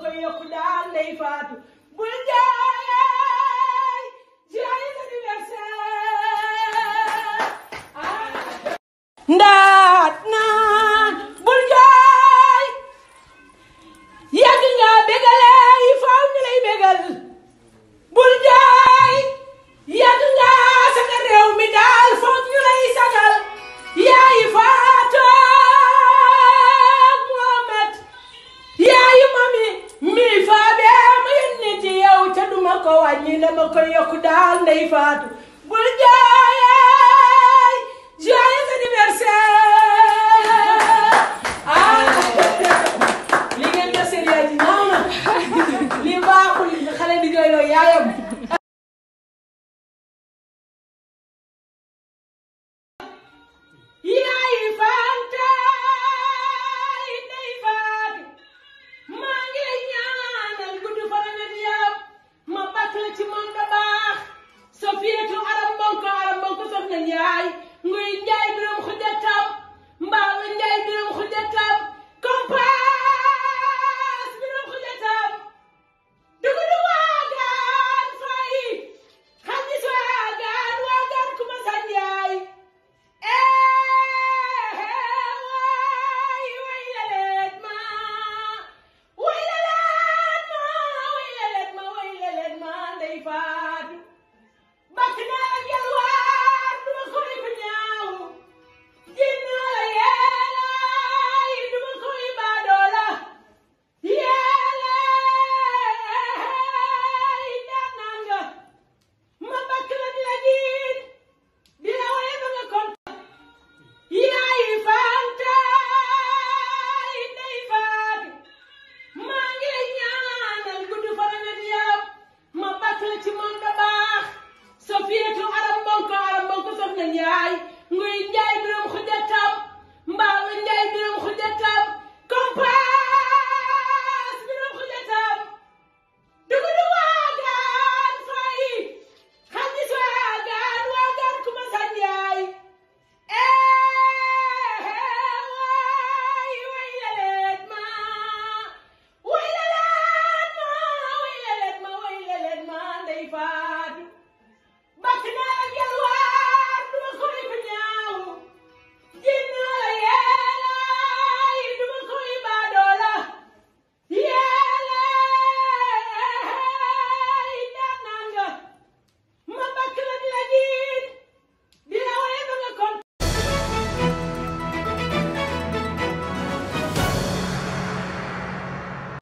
koy yokku daal lay faatu bul jaay joyeux anniversaire ah. ko wàññi dama ko yokk daal ndey faatu bul jaay